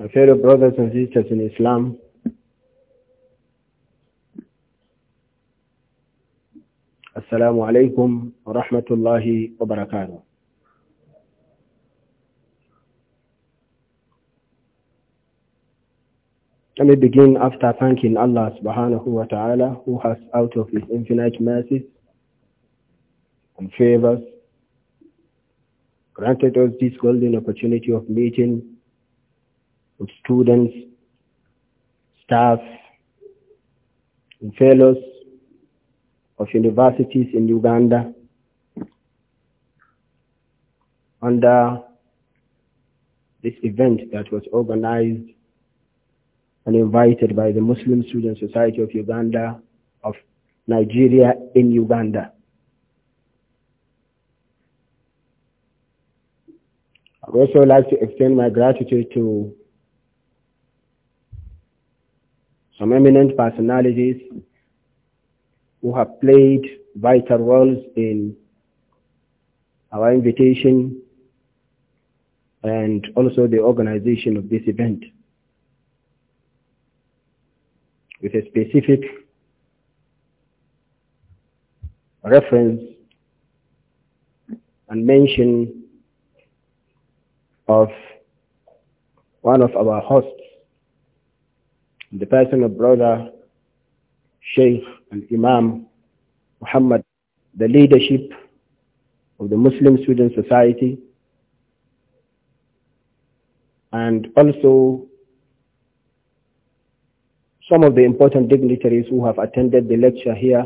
My fellow brothers and sisters in Islam, Assalamu alaikum wa rahmatullahi wa barakatuh. Let me begin after thanking Allah subhanahu wa ta'ala who has out of his infinite mercies and favors granted us this golden opportunity of meeting of students, staff, and fellows of universities in Uganda under this event that was organized and invited by the Muslim Student Society of Uganda of Nigeria in Uganda. I'd also like to extend my gratitude to some eminent personalities who have played vital roles in our invitation and also the organization of this event with a specific reference and mention of one of our hosts the person of brother Sheikh and Imam Muhammad, the leadership of the Muslim Student Society, and also some of the important dignitaries who have attended the lecture here,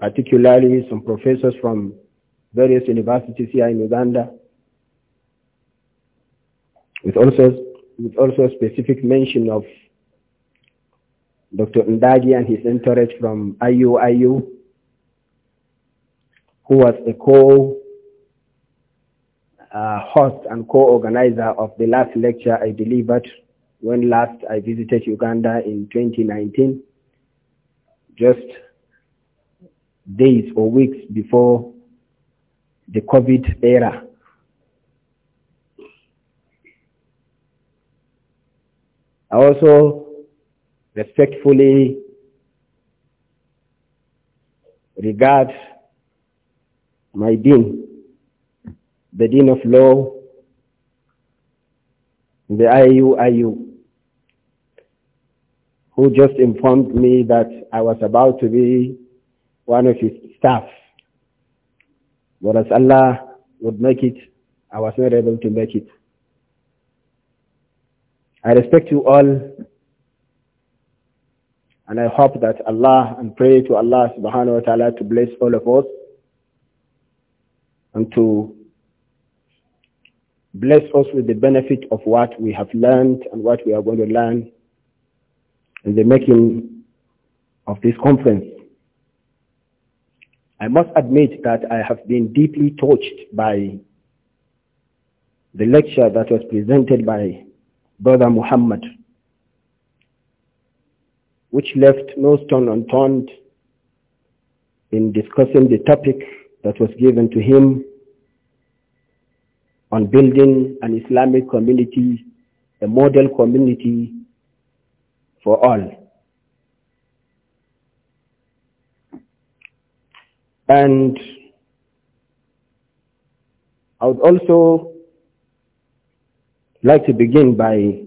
particularly some professors from various universities here in Uganda, with also with also specific mention of Dr. Ndagi and his entourage from IUIU, who was a co-host uh, and co-organizer of the last lecture I delivered when last I visited Uganda in 2019, just days or weeks before the COVID era. I also respectfully regard my dean, the dean of law, the IUIU, who just informed me that I was about to be one of his staff. But as Allah would make it, I was not able to make it. I respect you all and I hope that Allah and pray to Allah subhanahu wa ta'ala to bless all of us and to bless us with the benefit of what we have learned and what we are going to learn in the making of this conference. I must admit that I have been deeply touched by the lecture that was presented by brother Muhammad, which left no stone unturned in discussing the topic that was given to him on building an Islamic community, a model community for all. And I would also like to begin by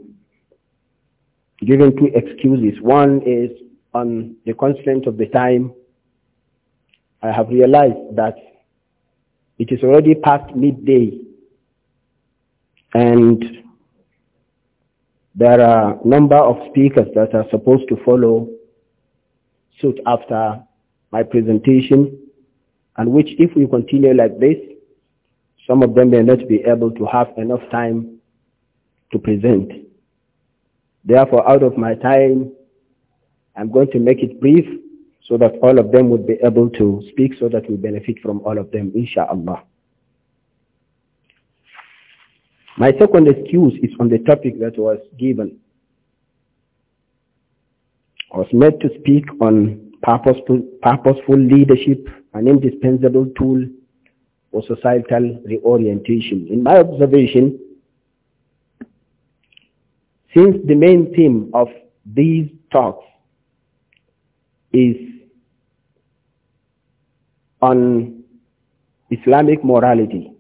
giving two excuses. One is on the constraint of the time. I have realized that it is already past midday and there are a number of speakers that are supposed to follow suit after my presentation and which if we continue like this, some of them may not be able to have enough time to present. Therefore, out of my time, I'm going to make it brief so that all of them would be able to speak so that we benefit from all of them, inshallah. My second excuse is on the topic that was given. I was made to speak on purposeful, purposeful leadership, an indispensable tool for societal reorientation. In my observation, since the main theme of these talks is on Islamic morality,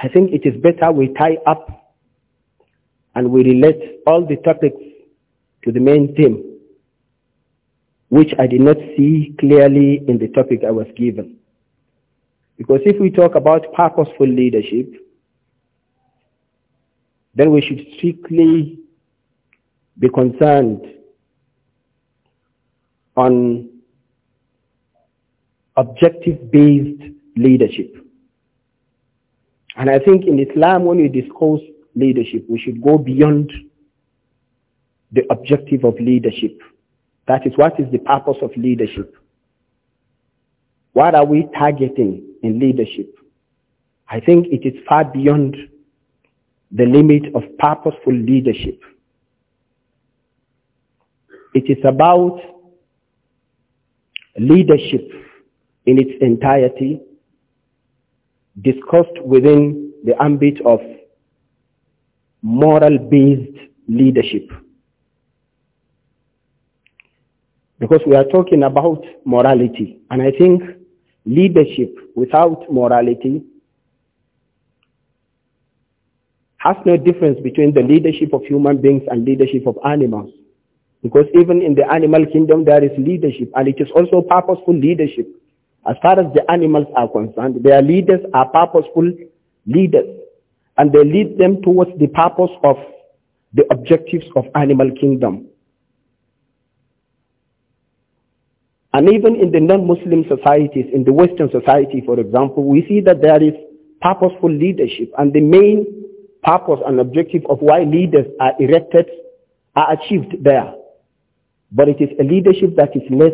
I think it is better we tie up and we relate all the topics to the main theme, which I did not see clearly in the topic I was given. Because if we talk about purposeful leadership, then we should strictly be concerned on objective-based leadership. And I think in Islam, when we discuss leadership, we should go beyond the objective of leadership. That is, what is the purpose of leadership? What are we targeting in leadership? I think it is far beyond the limit of purposeful leadership. It is about leadership in its entirety discussed within the ambit of moral-based leadership. Because we are talking about morality, and I think leadership without morality has no difference between the leadership of human beings and leadership of animals. Because even in the animal kingdom, there is leadership, and it is also purposeful leadership. As far as the animals are concerned, their leaders are purposeful leaders, and they lead them towards the purpose of the objectives of animal kingdom. And even in the non-Muslim societies, in the Western society, for example, we see that there is purposeful leadership, and the main purpose and objective of why leaders are erected are achieved there. But it is a leadership that is less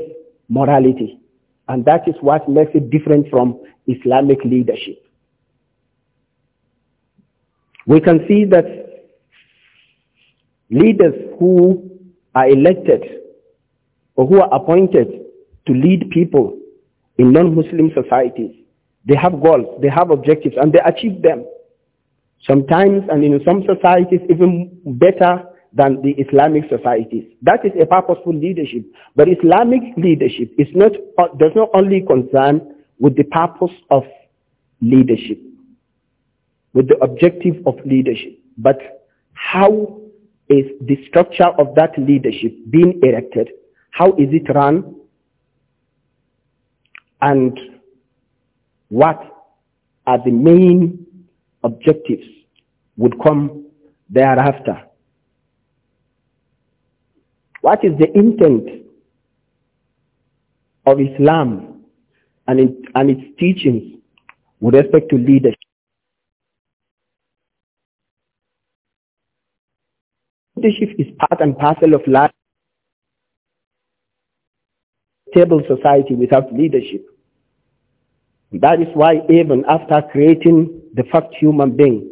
morality. And that is what makes it different from Islamic leadership. We can see that leaders who are elected or who are appointed to lead people in non-Muslim societies, they have goals, they have objectives, and they achieve them. Sometimes, and in some societies, even better than the Islamic societies. That is a purposeful leadership. But Islamic leadership is not, does not only concern with the purpose of leadership, with the objective of leadership, but how is the structure of that leadership being erected? How is it run? And what are the main objectives would come thereafter. What is the intent of Islam and, it, and its teachings with respect to leadership? Leadership is part and parcel of life. Stable society without leadership that is why even after creating the first human being,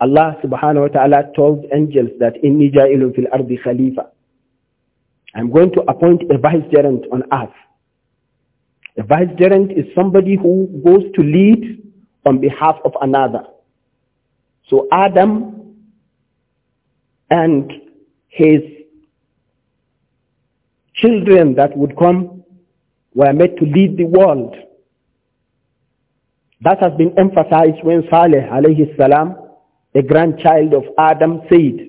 Allah subhanahu wa ta'ala told angels that in ja'ilun fil ardi khalifa. I'm going to appoint a vicegerent on earth. A vicegerent is somebody who goes to lead on behalf of another. So Adam and his children that would come were made to lead the world that has been emphasized when Saleh alayhi salam, a grandchild of Adam, said,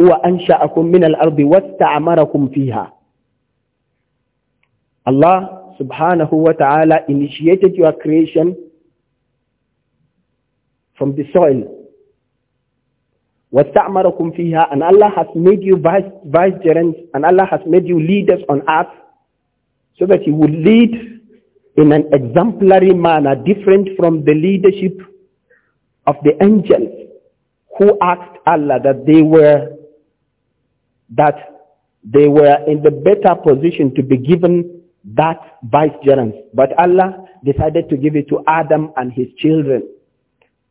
هو أنشأكم من ta'amara kum fiha?" Allah subhanahu wa ta'ala initiated your creation from the soil. وَاسْتَعْمَرَكُمْ fiha? And Allah has made you vice vice and Allah has made you leaders on earth so that you would lead in an exemplary manner different from the leadership of the angels who asked Allah that they were that they were in the better position to be given that vicegerence. But Allah decided to give it to Adam and his children.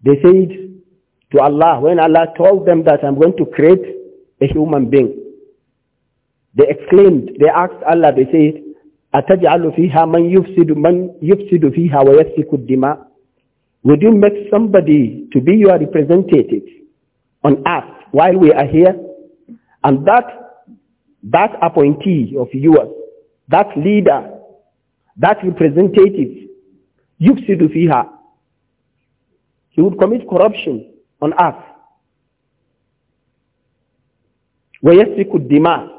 They said to Allah, when Allah told them that I'm going to create a human being, they exclaimed, they asked Allah, they said, أتجعل فيها من يفسد من يفسد فيها ويسفك الدماء Would you make somebody to be your representative on earth while we are here? And that, that appointee of yours, that leader, that representative, يفسد فيها. He would commit corruption on earth. ويسفك الدماء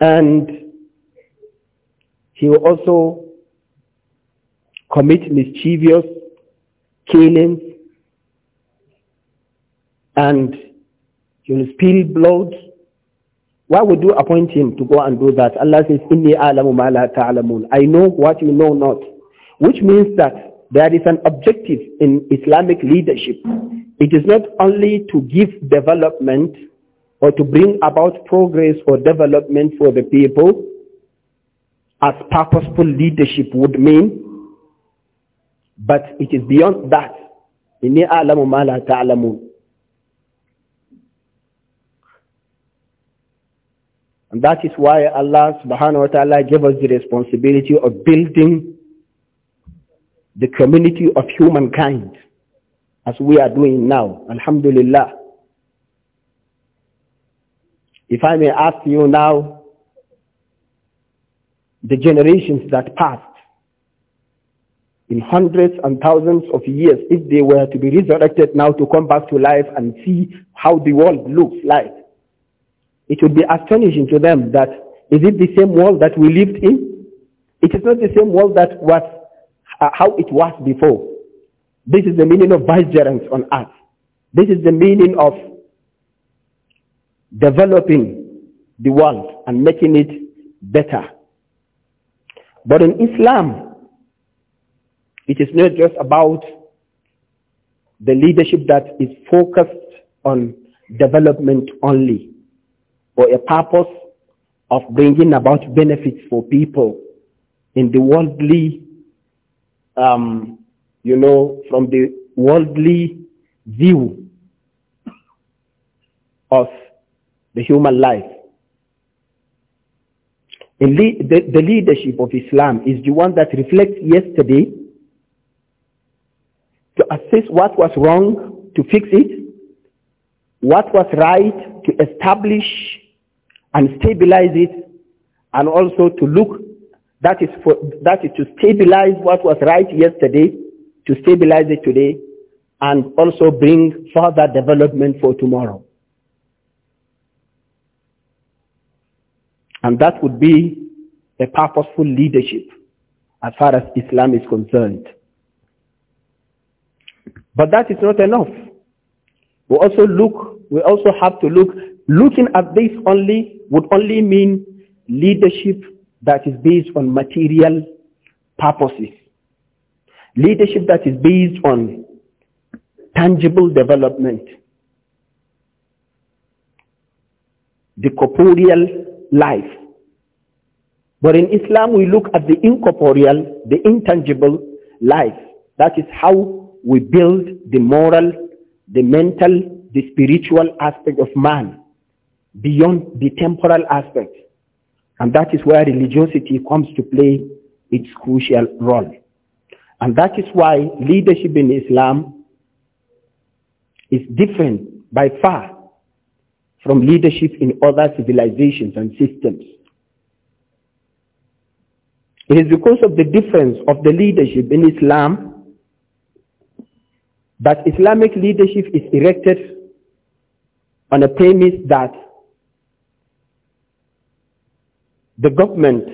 and he will also commit mischievous killings and he will spill blood. Why would you appoint him to go and do that? Allah says, Inni alamu ma la ta'alamun. I know what you know not. Which means that there is an objective in Islamic leadership. It is not only to give development or to bring about progress or development for the people as purposeful leadership would mean, but it is beyond that. إني أعلم ما لا تعلمون And that is why Allah subhanahu wa ta'ala gave us the responsibility of building the community of humankind as we are doing now. Alhamdulillah. If I may ask you now, the generations that passed in hundreds and thousands of years, if they were to be resurrected now to come back to life and see how the world looks like, it would be astonishing to them that is it the same world that we lived in? It is not the same world that was uh, how it was before. This is the meaning of vicegerence on earth. This is the meaning of developing the world and making it better. But in Islam, it is not just about the leadership that is focused on development only for a purpose of bringing about benefits for people in the worldly, um, you know, from the worldly view of the human life. the, the leadership of Islam is the one that reflects yesterday to assess what was wrong, to fix it, what was right, to establish and stabilize it, and also to look, that is, for, that is to stabilize what was right yesterday, to stabilize it today, and also bring further development for tomorrow. And that would be a purposeful leadership as far as Islam is concerned. But that is not enough. We also look, we also have to look, looking at this only would only mean leadership that is based on material purposes. Leadership that is based on tangible development. The corporeal life. But in Islam, we look at the incorporeal, the intangible life. That is how we build the moral, the mental, the spiritual aspect of man beyond the temporal aspect. And that is where religiosity comes to play its crucial role. And that is why leadership in Islam is different by far from leadership in other civilizations and systems. It is because of the difference of the leadership in Islam that Islamic leadership is erected on a premise that the government,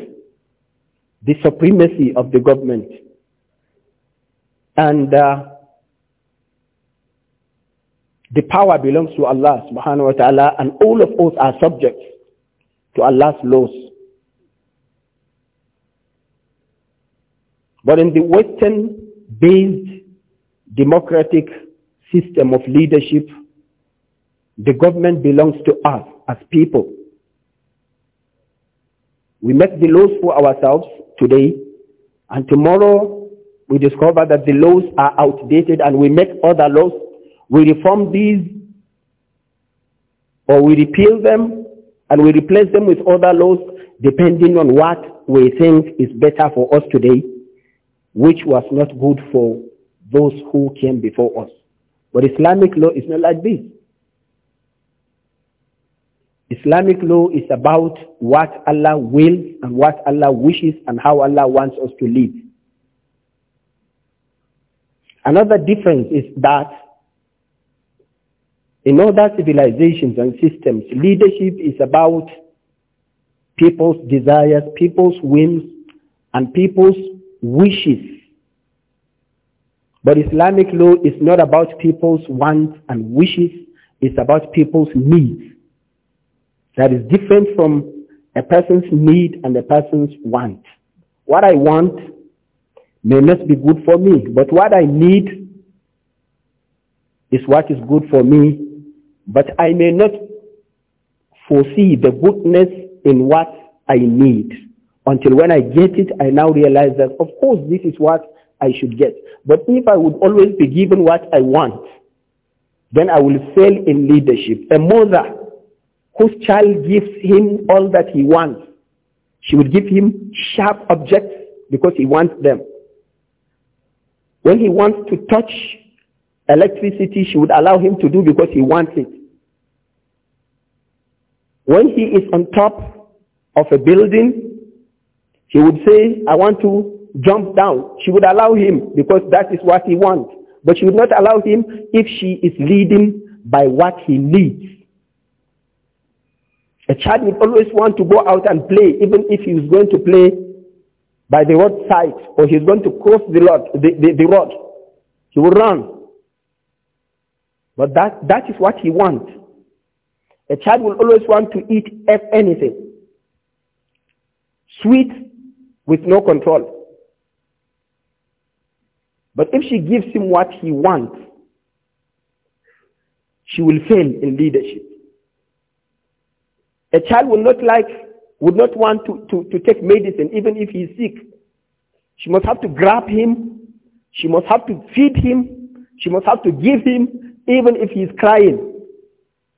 the supremacy of the government, and uh, the power belongs to Allah subhanahu wa ta'ala and all of us are subject to Allah's laws. But in the Western-based democratic system of leadership, the government belongs to us as people. We make the laws for ourselves today, and tomorrow we discover that the laws are outdated and we make other laws we reform these or we repeal them and we replace them with other laws depending on what we think is better for us today, which was not good for those who came before us. But Islamic law is not like this. Islamic law is about what Allah wills and what Allah wishes and how Allah wants us to live. Another difference is that in other civilizations and systems, leadership is about people's desires, people's whims, and people's wishes. But Islamic law is not about people's wants and wishes, it's about people's needs. That is different from a person's need and a person's want. What I want may not be good for me, but what I need is what is good for me but I may not foresee the goodness in what I need until when I get it, I now realize that, of course, this is what I should get. But if I would always be given what I want, then I will fail in leadership. A mother whose child gives him all that he wants, she would give him sharp objects because he wants them. When he wants to touch electricity she would allow him to do because he wants it. When he is on top of a building, he would say, I want to jump down. She would allow him because that is what he wants. But she would not allow him if she is leading by what he needs. A child would always want to go out and play, even if he is going to play by the roadside or he's going to cross the road. The, the, the road. He would run. But that, that is what he wants. A child will always want to eat anything. Sweet with no control. But if she gives him what he wants, she will fail in leadership. A child will not like, would not want to, to, to take medicine even if he's sick. She must have to grab him. She must have to feed him. She must have to give him even if he's crying.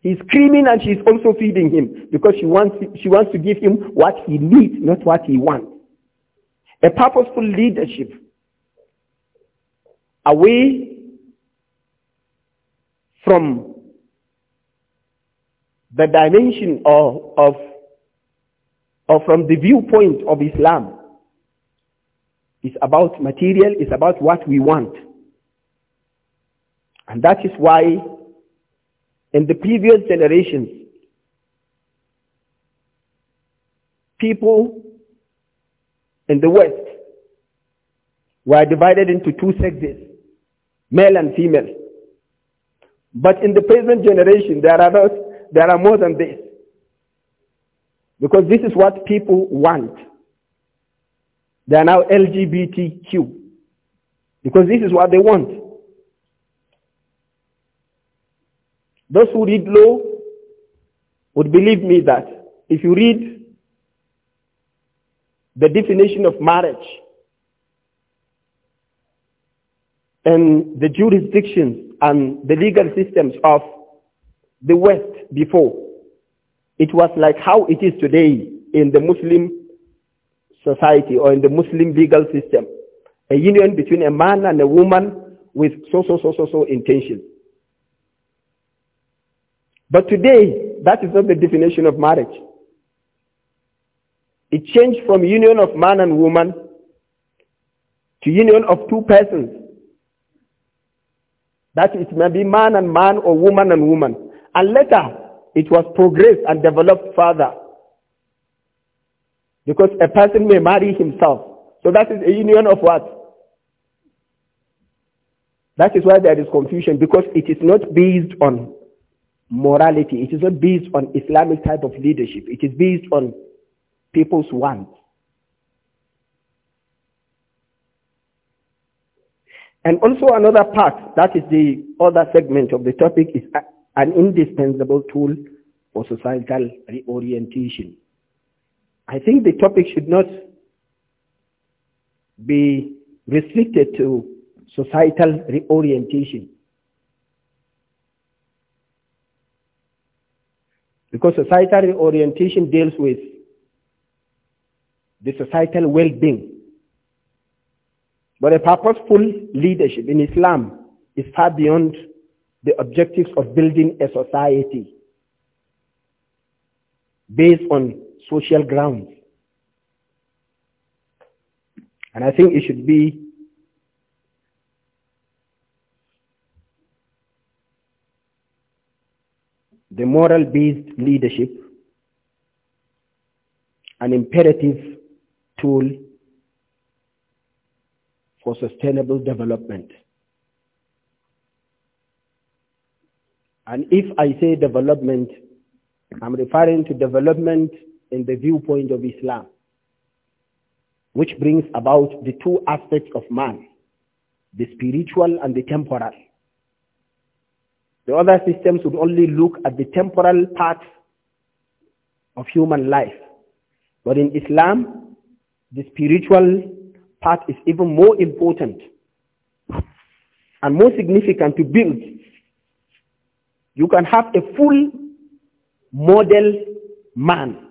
He's screaming and she's also feeding him because she wants, she wants to give him what he needs, not what he wants. A purposeful leadership. Away from the dimension of, of, or from the viewpoint of Islam. It's about material, it's about what we want. And that is why in the previous generations, people in the West were divided into two sexes, male and female. But in the present generation, there are, not, there are more than this. Because this is what people want. They are now LGBTQ. Because this is what they want. Those who read law would believe me that if you read the definition of marriage and the jurisdictions and the legal systems of the West before, it was like how it is today in the Muslim society or in the Muslim legal system. A union between a man and a woman with so, so, so, so, so intentions. But today, that is not the definition of marriage. It changed from union of man and woman to union of two persons. That it may be man and man or woman and woman. And later, it was progressed and developed further. Because a person may marry himself. So that is a union of what? That is why there is confusion because it is not based on morality. It is not based on Islamic type of leadership. It is based on people's wants. And also another part, that is the other segment of the topic, is an indispensable tool for societal reorientation. I think the topic should not be restricted to societal reorientation. Because societal orientation deals with the societal well-being. But a purposeful leadership in Islam is far beyond the objectives of building a society based on social grounds. And I think it should be the moral-based leadership, an imperative tool for sustainable development. And if I say development, I'm referring to development in the viewpoint of Islam, which brings about the two aspects of man, the spiritual and the temporal. The other systems would only look at the temporal part of human life. But in Islam, the spiritual part is even more important and more significant to build. You can have a full model man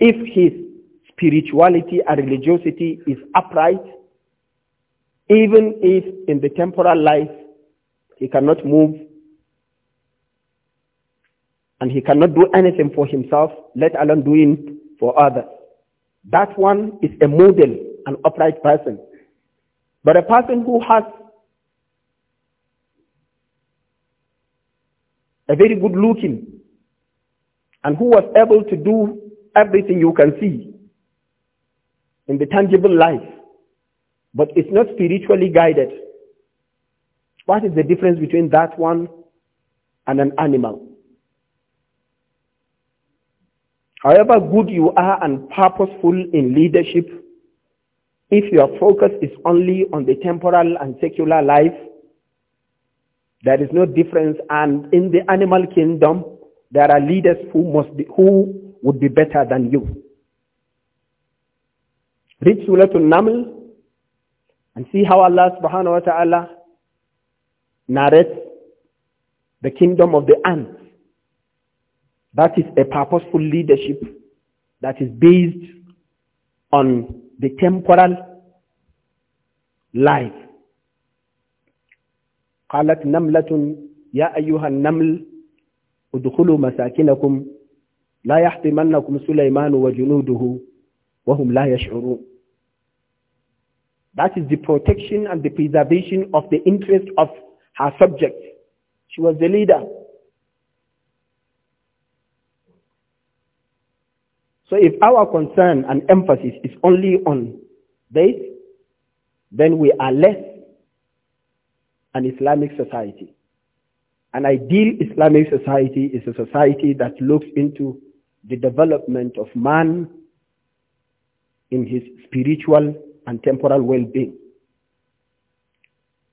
if his spirituality and religiosity is upright even if in the temporal life he cannot move and he cannot do anything for himself, let alone doing for others. That one is a model, an upright person. But a person who has a very good looking and who was able to do everything you can see in the tangible life but it's not spiritually guided. What is the difference between that one and an animal? However good you are and purposeful in leadership, if your focus is only on the temporal and secular life, there is no difference. And in the animal kingdom, there are leaders who must be, who would be better than you. Read Naml, and see how Allah subhanahu wa ta'ala narrates the kingdom of the ants. That is a purposeful leadership that is based on the temporal life. قالت نملة يا أيها النمل ادخلوا مساكنكم لا يحطمنكم سليمان وجنوده وهم لا يشعرون that is the protection and the preservation of the interest of her subject. She was the leader. So if our concern and emphasis is only on this, then we are less an Islamic society. An ideal Islamic society is a society that looks into the development of man in his spiritual and temporal well-being.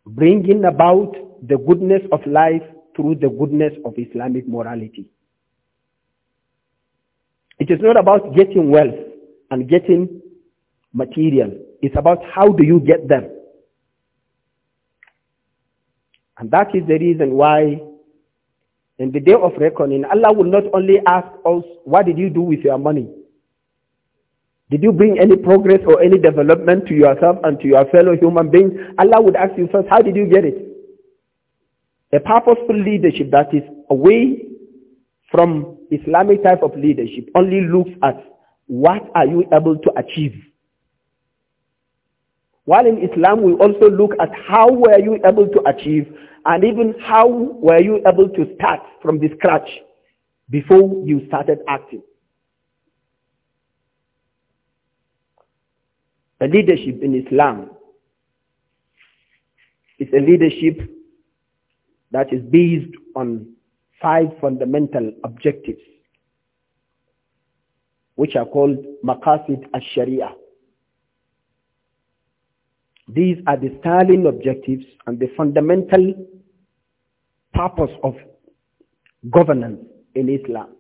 Bringing about the goodness of life through the goodness of Islamic morality. It is not about getting wealth and getting material. It's about how do you get them. And that is the reason why in the day of reckoning, Allah will not only ask us, what did you do with your money? Did you bring any progress or any development to yourself and to your fellow human beings? Allah would ask you first, how did you get it? A purposeful leadership that is away from Islamic type of leadership only looks at what are you able to achieve. While in Islam we also look at how were you able to achieve and even how were you able to start from the scratch before you started acting. A leadership in Islam is a leadership that is based on five fundamental objectives, which are called maqasid al-sharia. These are the sterling objectives and the fundamental purpose of governance in Islam.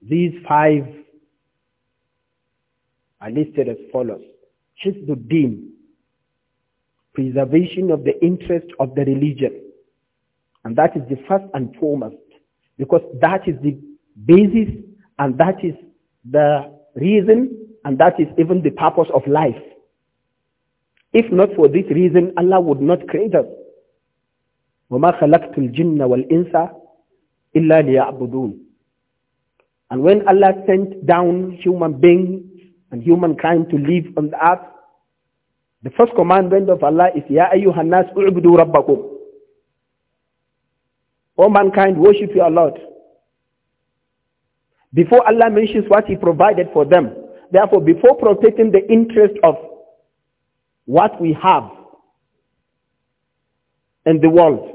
These five are listed as follows. Hizbuddin, preservation of the interest of the religion. And that is the first and foremost, because that is the basis and that is the reason and that is even the purpose of life. If not for this reason, Allah would not create us. وَمَا خَلَقْتُ الْجِنَّ وَالْإِنسَ إِلَّا لِيَعْبُدُونَ And when Allah sent down human beings and humankind to live on the earth? The first commandment of Allah is, Ya ayyuhan nas u'budu rabbakum. All mankind, worship your Lord. Before Allah mentions what He provided for them, therefore before protecting the interest of what we have in the world,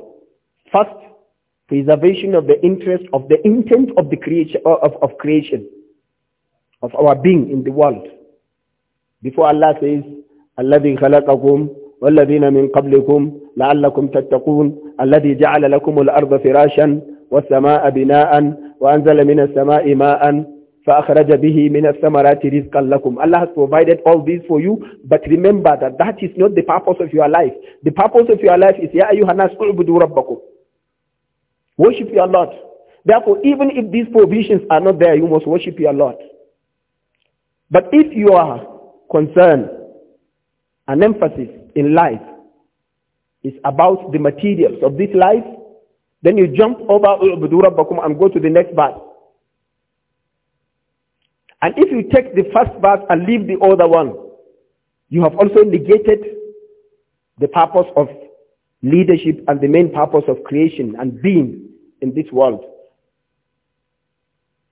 first, preservation of the interest of the intent of the creation, of, of creation of our being in the world. Before Allah says, الذي خلقكم والذين من قبلكم لعلكم تتقون الذي جعل لكم الأرض فراشا والسماء بناء وأنزل من السماء ماء فأخرج به من الثمرات رزقا لكم Allah has provided all these for you but remember that that is not the purpose of your life the purpose of your life is يا أيها الناس اعبدوا ربكم worship your Lord therefore even if these provisions are not there you must worship your Lord but if you are concerned, and emphasis in life is about the materials of this life, then you jump over oh, Bakum and go to the next verse. And if you take the first verse and leave the other one, you have also negated the purpose of leadership and the main purpose of creation and being in this world.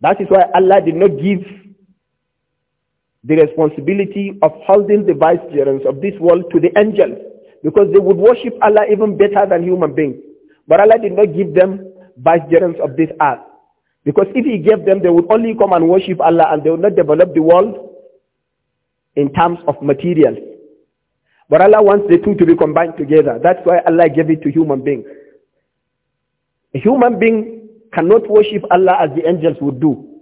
That is why Allah did not give the responsibility of holding the vicegerents of this world to the angels because they would worship Allah even better than human beings. But Allah did not give them vicegerents of this earth. Because if he gave them, they would only come and worship Allah and they would not develop the world in terms of materials. But Allah wants the two to be combined together. That's why Allah gave it to human beings. A human being cannot worship Allah as the angels would do.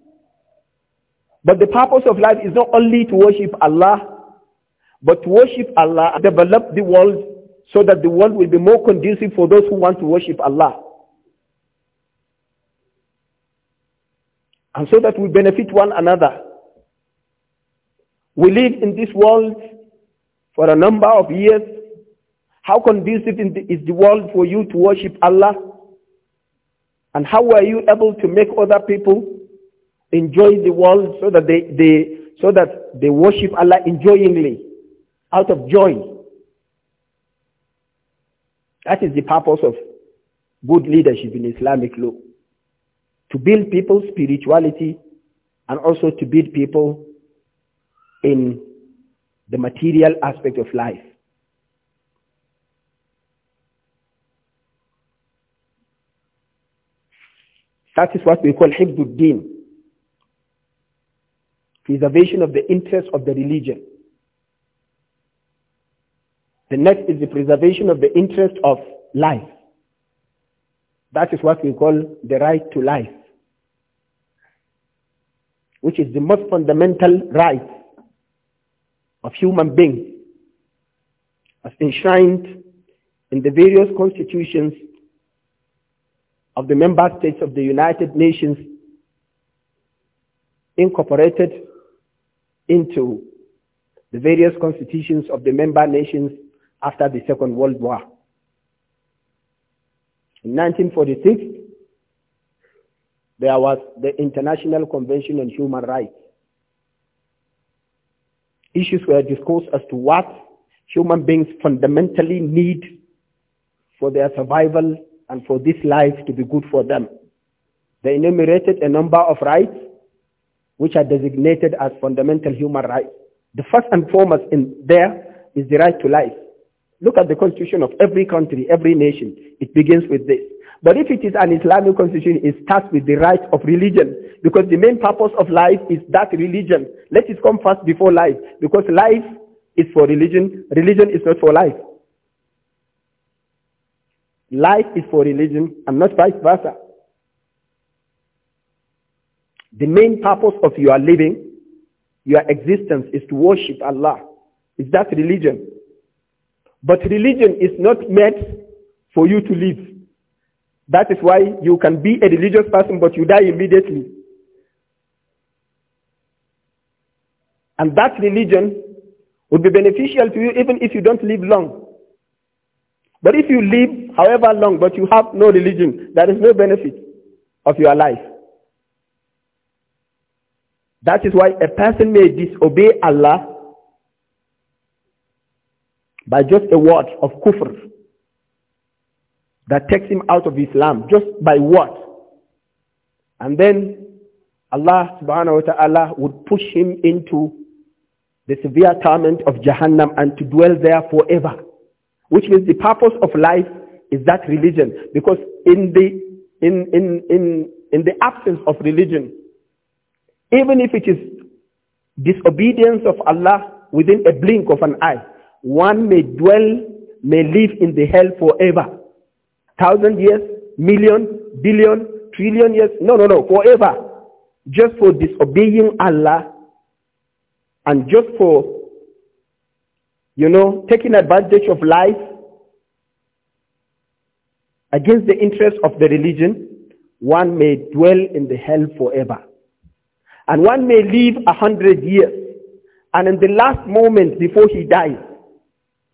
But the purpose of life is not only to worship Allah, but to worship Allah and develop the world so that the world will be more conducive for those who want to worship Allah. And so that we benefit one another. We live in this world for a number of years. How conducive is the world for you to worship Allah? And how are you able to make other people enjoy the world so that they, they, so that they worship Allah enjoyingly, out of joy. That is the purpose of good leadership in Islamic law. To build people's spirituality and also to build people in the material aspect of life. That is what we call Hibduddin preservation of the interests of the religion. The next is the preservation of the interest of life. That is what we call the right to life, which is the most fundamental right of human beings as enshrined in the various constitutions of the member states of the United Nations incorporated into the various constitutions of the member nations after the Second World War. In 1946, there was the International Convention on Human Rights. Issues were discussed as to what human beings fundamentally need for their survival and for this life to be good for them. They enumerated a number of rights which are designated as fundamental human rights. The first and foremost in there is the right to life. Look at the constitution of every country, every nation. It begins with this. But if it is an Islamic constitution, it starts with the right of religion. Because the main purpose of life is that religion. Let it come first before life. Because life is for religion. Religion is not for life. Life is for religion and not vice versa. The main purpose of your living, your existence is to worship Allah. Is that religion? But religion is not meant for you to live. That is why you can be a religious person but you die immediately. And that religion would be beneficial to you even if you don't live long. But if you live however long but you have no religion, there is no benefit of your life. That is why a person may disobey Allah by just a word of kufr that takes him out of Islam, just by what? And then Allah subhanahu wa ta'ala would push him into the severe torment of Jahannam and to dwell there forever. Which means the purpose of life is that religion. Because in the, in, in, in, in the absence of religion, even if it is disobedience of Allah within a blink of an eye, one may dwell, may live in the hell forever. Thousand years, million, billion, trillion years. No, no, no, forever. Just for disobeying Allah and just for, you know, taking advantage of life against the interest of the religion, one may dwell in the hell forever. And one may live a hundred years. And in the last moment before he dies,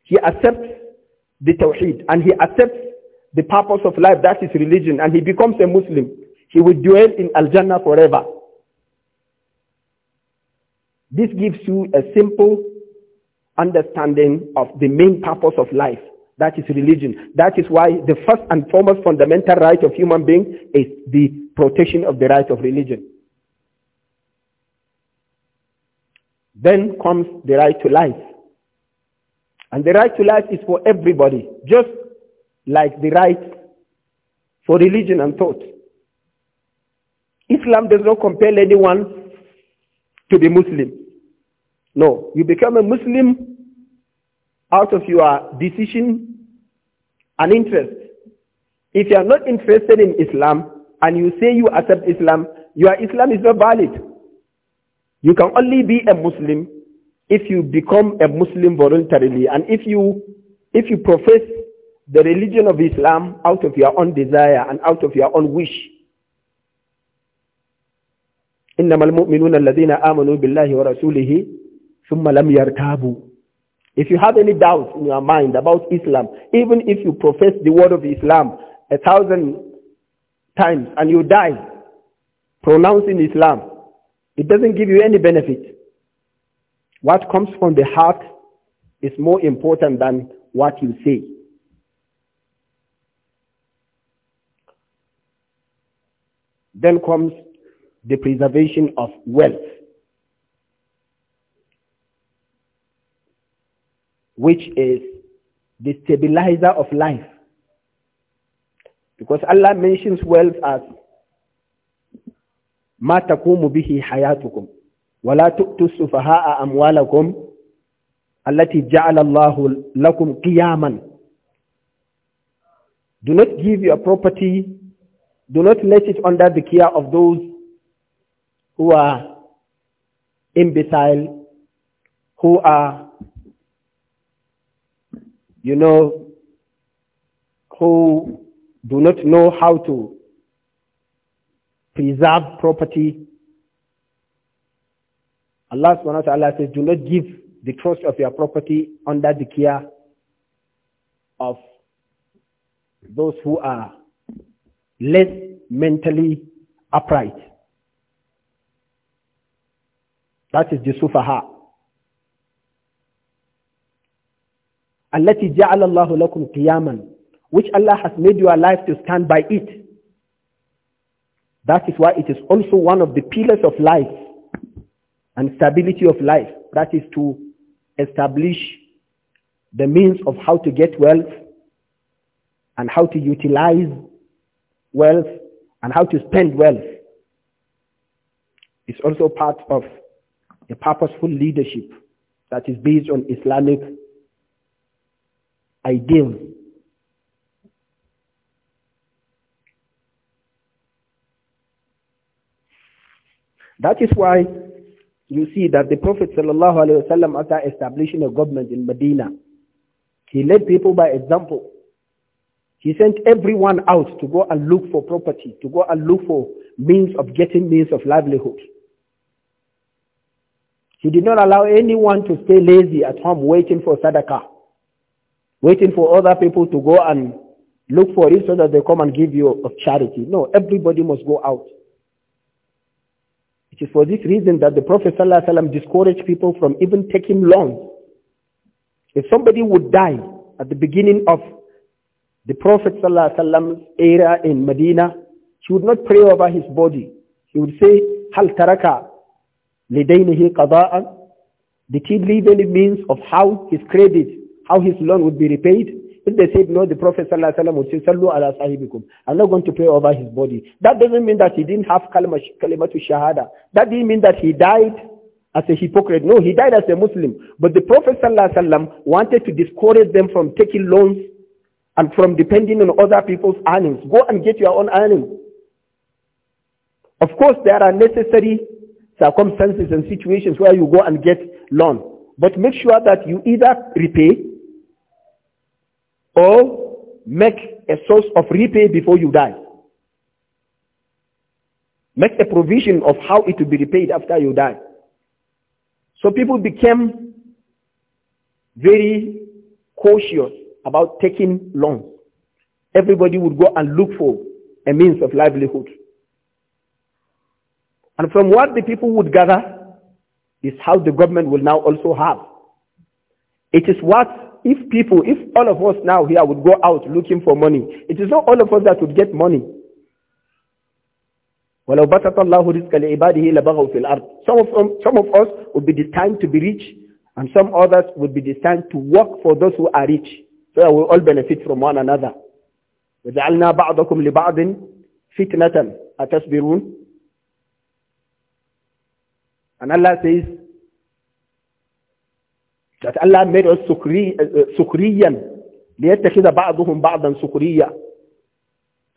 he accepts the Tawheed and he accepts the purpose of life, that is religion, and he becomes a Muslim. He will dwell in Al-Jannah forever. This gives you a simple understanding of the main purpose of life, that is religion. That is why the first and foremost fundamental right of human being is the protection of the right of religion. Then comes the right to life. And the right to life is for everybody, just like the right for religion and thought. Islam does not compel anyone to be Muslim. No, you become a Muslim out of your decision and interest. If you are not interested in Islam and you say you accept Islam, your Islam is not valid. You can only be a Muslim if you become a Muslim voluntarily and if you, if you profess the religion of Islam out of your own desire and out of your own wish. إنما المؤمنون الذين آمنوا بالله ورسوله ثم لم يرتابوا If you have any doubt in your mind about Islam, even if you profess the word of Islam a thousand times and you die pronouncing Islam, it doesn't give you any benefit. What comes from the heart is more important than what you say. Then comes the preservation of wealth, which is the stabilizer of life. Because Allah mentions wealth as ولا تؤتوا السفهاء أموالكم التي جعل الله لكم قياما Do not give your property, do not let it under the care of those who are imbecile, who are, you know, who do not know how to preserve property. Allah subhanahu wa ta'ala says, do not give the trust of your property under the care of those who are less mentally upright. That is the sufaha. التي جعل الله لكم قياما which Allah has made your life to stand by it that is why it is also one of the pillars of life and stability of life. That is to establish the means of how to get wealth and how to utilize wealth and how to spend wealth. It's also part of a purposeful leadership that is based on Islamic ideals That is why you see that the Prophet ﷺ, after establishing a government in Medina, he led people by example. He sent everyone out to go and look for property, to go and look for means of getting means of livelihood. He did not allow anyone to stay lazy at home waiting for sadaqah, waiting for other people to go and look for it so that they come and give you of charity. No, everybody must go out. It is for this reason that the Prophet ﷺ discouraged people from even taking loans. If somebody would die at the beginning of the Prophet ﷺ era in Medina, he would not pray over his body. He would say, "Hal taraka لِدَيْنِهِ قَضَاءً Did he leave any means of how his credit, how his loan would be repaid? If they said no, the Prophet sallallahu would say, "Sallu ala sahibikum." I'm not going to pray over his body. That doesn't mean that he didn't have kalimatu kalima shahada. That didn't mean that he died as a hypocrite. No, he died as a Muslim. But the Prophet wanted to discourage them from taking loans and from depending on other people's earnings. Go and get your own earnings. Of course, there are necessary circumstances and situations where you go and get loan. But make sure that you either repay or make a source of repay before you die. Make a provision of how it will be repaid after you die. So people became very cautious about taking loans. Everybody would go and look for a means of livelihood. And from what the people would gather is how the government will now also have. It is what if people, if all of us now here would go out looking for money, it is not all of us that would get money. Some of, some of us would be destined to be rich, and some others would be destined to work for those who are rich, so that we all benefit from one another. وَجَعَلْنَا بَعْضَكُمْ لِبَعْضٍ فِتْنَةً أَتَصْبِرُونَ And Allah says, that Allah made us sukri, uh, uh sukriyan. لِيَتَّخِذَ بَعْضُهُمْ بَعْضًا سُكْرِيًّا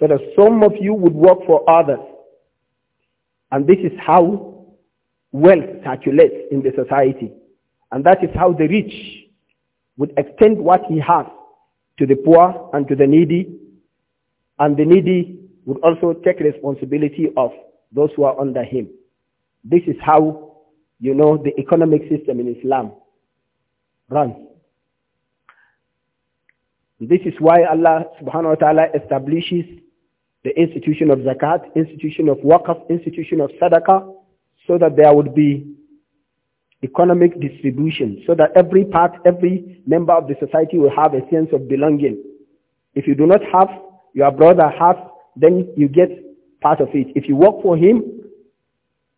So that some of you would work for others. And this is how wealth circulates in the society. And that is how the rich would extend what he has to the poor and to the needy. And the needy would also take responsibility of those who are under him. This is how, you know, the economic system in Islam this is why Allah subhanahu wa ta'ala establishes the institution of zakat, institution of waqf, institution of sadaqah, so that there would be economic distribution, so that every part, every member of the society will have a sense of belonging. If you do not have, your brother has, then you get part of it. If you work for him,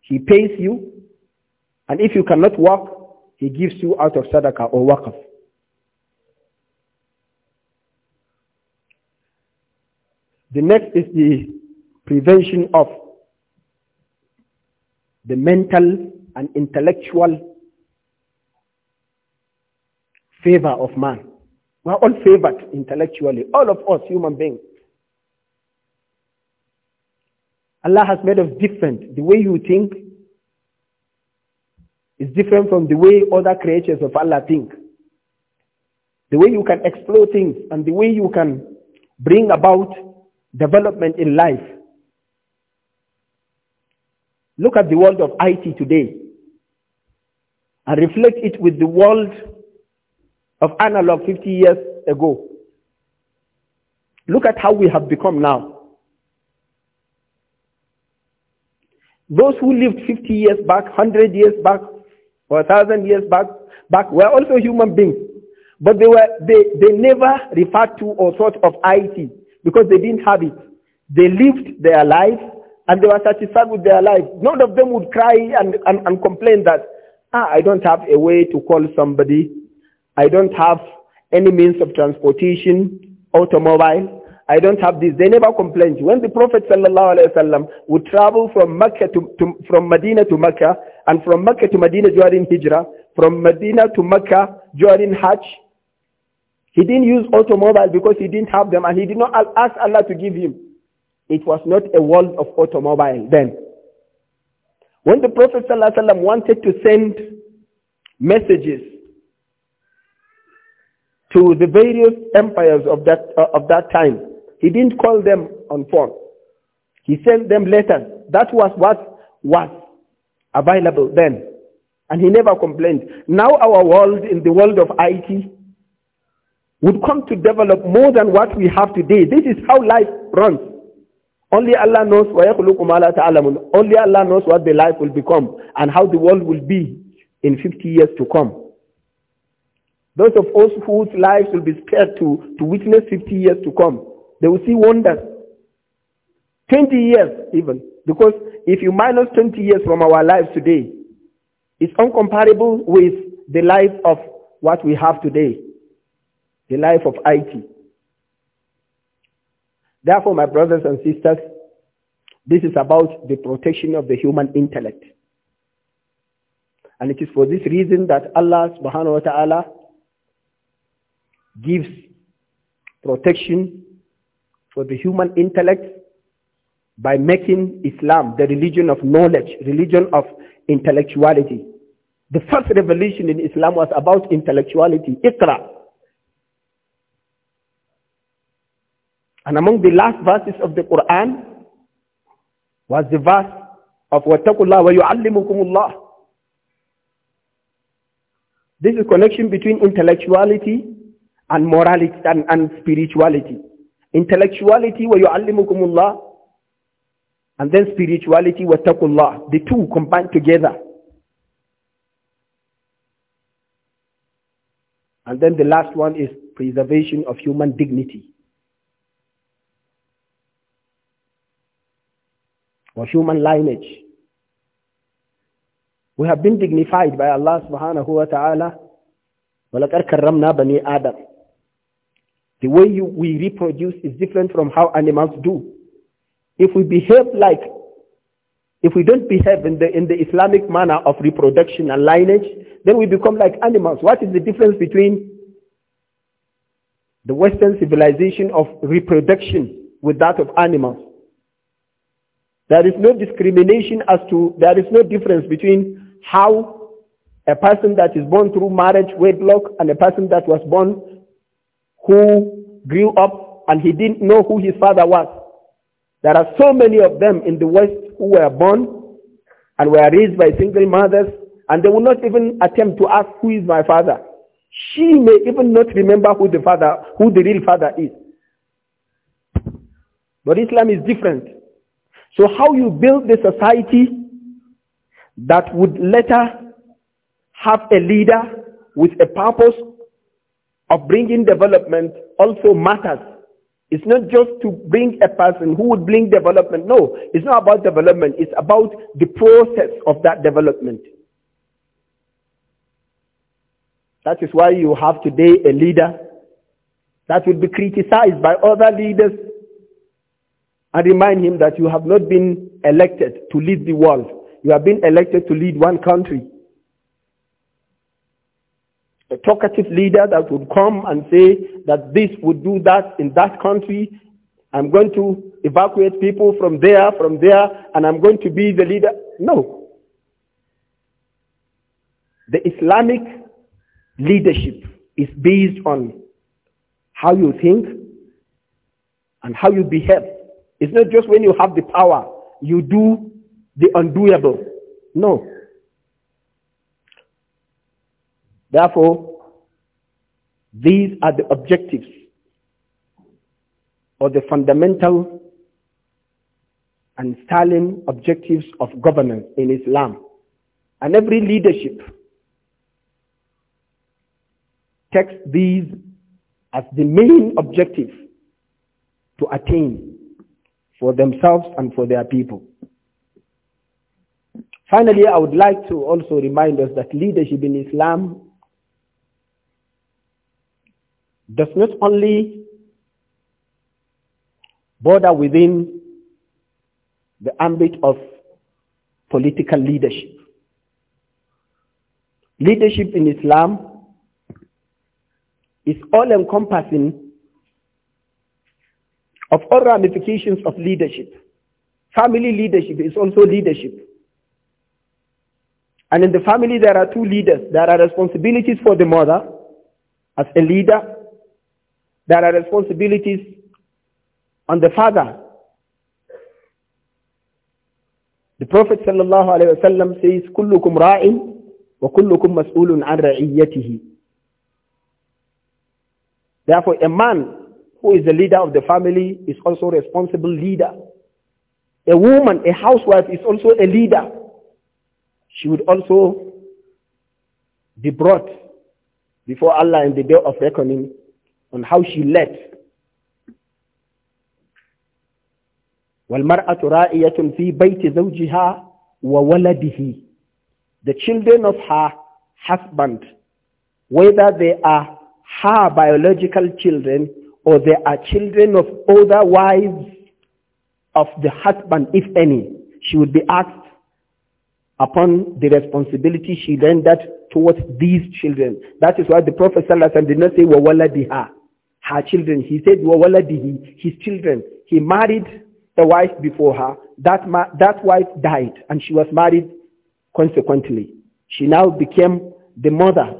he pays you. And if you cannot work, he gives you out of sadaqah or waqf. The next is the prevention of the mental and intellectual favor of man. We are all favored intellectually, all of us human beings. Allah has made us different. The way you think, is different from the way other creatures of Allah think. The way you can explore things and the way you can bring about development in life. Look at the world of IT today and reflect it with the world of analog 50 years ago. Look at how we have become now. Those who lived 50 years back, 100 years back, for a thousand years back, back were also human beings. But they were, they, they never referred to or thought of IT because they didn't have it. They lived their life and they were satisfied with their life. None of them would cry and, and, and complain that, ah, I don't have a way to call somebody. I don't have any means of transportation, automobile. I don't have this. They never complained. When the Prophet sallallahu alaihi wasallam would travel from Mecca to, to, from Medina to Mecca, and from Mecca to Medina during Hijrah, from Medina to Mecca during Hajj. He didn't use automobile because he didn't have them and he did not ask Allah to give him. It was not a world of automobile then. When the Prophet ﷺ wanted to send messages to the various empires of that, uh, of that time, he didn't call them on phone. He sent them letters. That was what was available then. And he never complained. Now our world, in the world of IT, would come to develop more than what we have today. This is how life runs. Only Allah knows Only Allah knows what the life will become and how the world will be in 50 years to come. Those of us whose lives will be spared to, to witness 50 years to come, they will see wonders. 20 years even, because if you minus 20 years from our lives today, it's uncomparable with the life of what we have today, the life of IT. Therefore, my brothers and sisters, this is about the protection of the human intellect. And it is for this reason that Allah subhanahu wa ta'ala gives protection for the human intellect by making Islam the religion of knowledge, religion of intellectuality. The first revelation in Islam was about intellectuality, Iqra. And among the last verses of the Quran was the verse of وَاتَّقُوا wa وَيُعَلِّمُكُمُ This is connection between intellectuality and morality and, and spirituality. Intellectuality وَيُعَلِّمُكُمُ اللَّهِ and then spirituality wa taqullah. The two combined together. And then the last one is preservation of human dignity. Or human lineage. We have been dignified by Allah subhanahu wa ta'ala. وَلَقَدْ كَرَّمْنَا bani Adam. The way you, we reproduce is different from how animals do. If we behave like, if we don't behave in the, in the Islamic manner of reproduction and lineage, then we become like animals. What is the difference between the Western civilization of reproduction with that of animals? There is no discrimination as to, there is no difference between how a person that is born through marriage, wedlock, and a person that was born who grew up and he didn't know who his father was. There are so many of them in the West who were born and were raised by single mothers, and they will not even attempt to ask who is my father. She may even not remember who the father, who the real father is. But Islam is different. So how you build the society that would later have a leader with a purpose of bringing development also matters. It's not just to bring a person who would bring development. No, it's not about development. It's about the process of that development. That is why you have today a leader that will be criticized by other leaders and remind him that you have not been elected to lead the world. You have been elected to lead one country. A talkative leader that would come and say, that this would do that in that country. I'm going to evacuate people from there, from there, and I'm going to be the leader. No. The Islamic leadership is based on how you think and how you behave. It's not just when you have the power, you do the undoable. No. Therefore, these are the objectives or the fundamental and sterling objectives of governance in Islam. And every leadership takes these as the main objective to attain for themselves and for their people. Finally, I would like to also remind us that leadership in Islam does not only border within the ambit of political leadership. Leadership in Islam is all-encompassing of all ramifications of leadership. Family leadership is also leadership. And in the family there are two leaders. There are responsibilities for the mother as a leader there are responsibilities on the father. The Prophet sallallahu alaihi wasallam says, "Kullukum ra'in wa kullukum mas'ulun an ra'iyatihi." Therefore, a man who is the leader of the family is also a responsible leader. A woman, a housewife, is also a leader. She would also be brought before Allah in the day of reckoning on how she led. وَالْمَرْأَةُ رَائِيَةٌ فِي بَيْتِ زَوْجِهَا وَوَلَدِهِ The children of her husband, whether they are her biological children or they are children of other wives of the husband, if any, she would be asked upon the responsibility she rendered towards these children. That is why the Prophet did not say wawaladiha her children. He said, وَوَلَدِهِ His children. He married the wife before her. That, that wife died and she was married consequently. She now became the mother,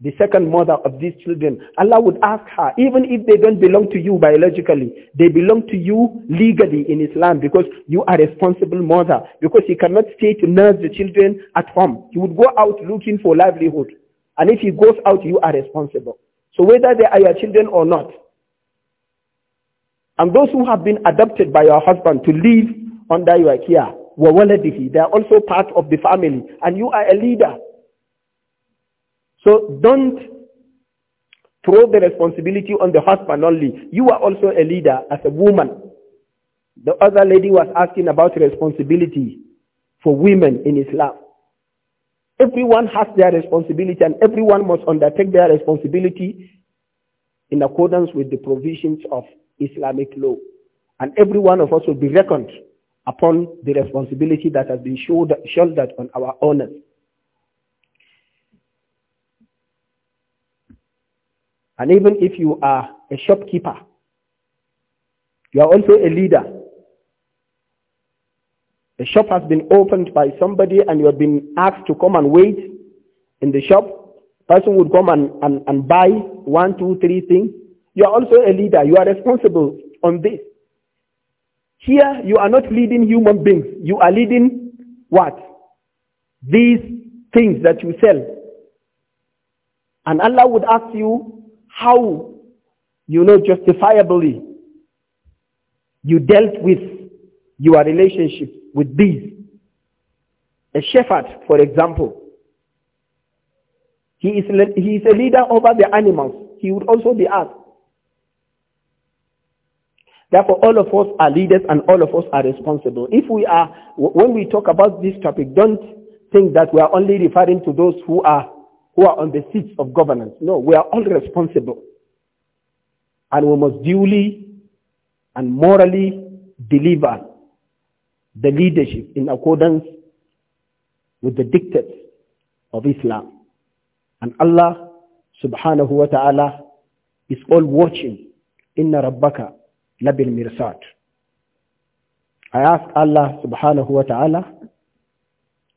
the second mother of these children. Allah would ask her, even if they don't belong to you biologically, they belong to you legally in Islam because you are responsible mother. Because you cannot stay to nurse the children at home. You would go out looking for livelihood. And if he goes out, you are responsible. So whether they are your children or not, and those who have been adopted by your husband to live under your care, وَوَلَدِهِ They are also part of the family, and you are a leader. So don't throw the responsibility on the husband only. You are also a leader as a woman. The other lady was asking about responsibility for women in Islam. Everyone has their responsibility and everyone must undertake their responsibility in accordance with the provisions of Islamic law. And every one of us will be reckoned upon the responsibility that has been shouldered on our owners. And even if you are a shopkeeper, you are also a leader the shop has been opened by somebody and you have been asked to come and wait in the shop. Person would come and, and, and buy one, two, three things. You are also a leader. You are responsible on this. Here, you are not leading human beings. You are leading what? These things that you sell. And Allah would ask you how, you know, justifiably you dealt with your relationship with bees. A shepherd, for example, he is, he is a leader over the animals. He would also be asked. Therefore, all of us are leaders and all of us are responsible. If we are, when we talk about this topic, don't think that we are only referring to those who are, who are on the seats of governance. No, we are all responsible. And we must duly and morally deliver the leadership in accordance with the dictates of Islam. And Allah subhanahu wa ta'ala is all watching. Inna rabbaka labil mirsat. I ask Allah subhanahu wa ta'ala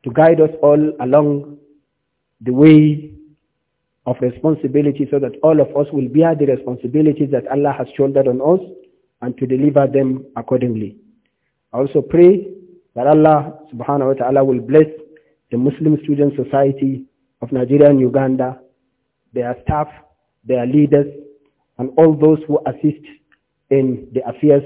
to guide us all along the way of responsibility so that all of us will bear the responsibilities that Allah has shouldered on us and to deliver them accordingly. I also pray that Allah subhanahu wa ta'ala will bless the Muslim Student Society of Nigeria and Uganda, their staff, their leaders, and all those who assist in the affairs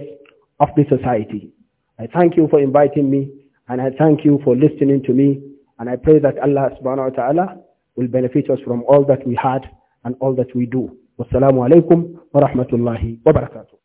of the society. I thank you for inviting me, and I thank you for listening to me, and I pray that Allah subhanahu wa ta'ala will benefit us from all that we had and all that we do. Wassalamu alaikum wa rahmatullahi wa barakatuh.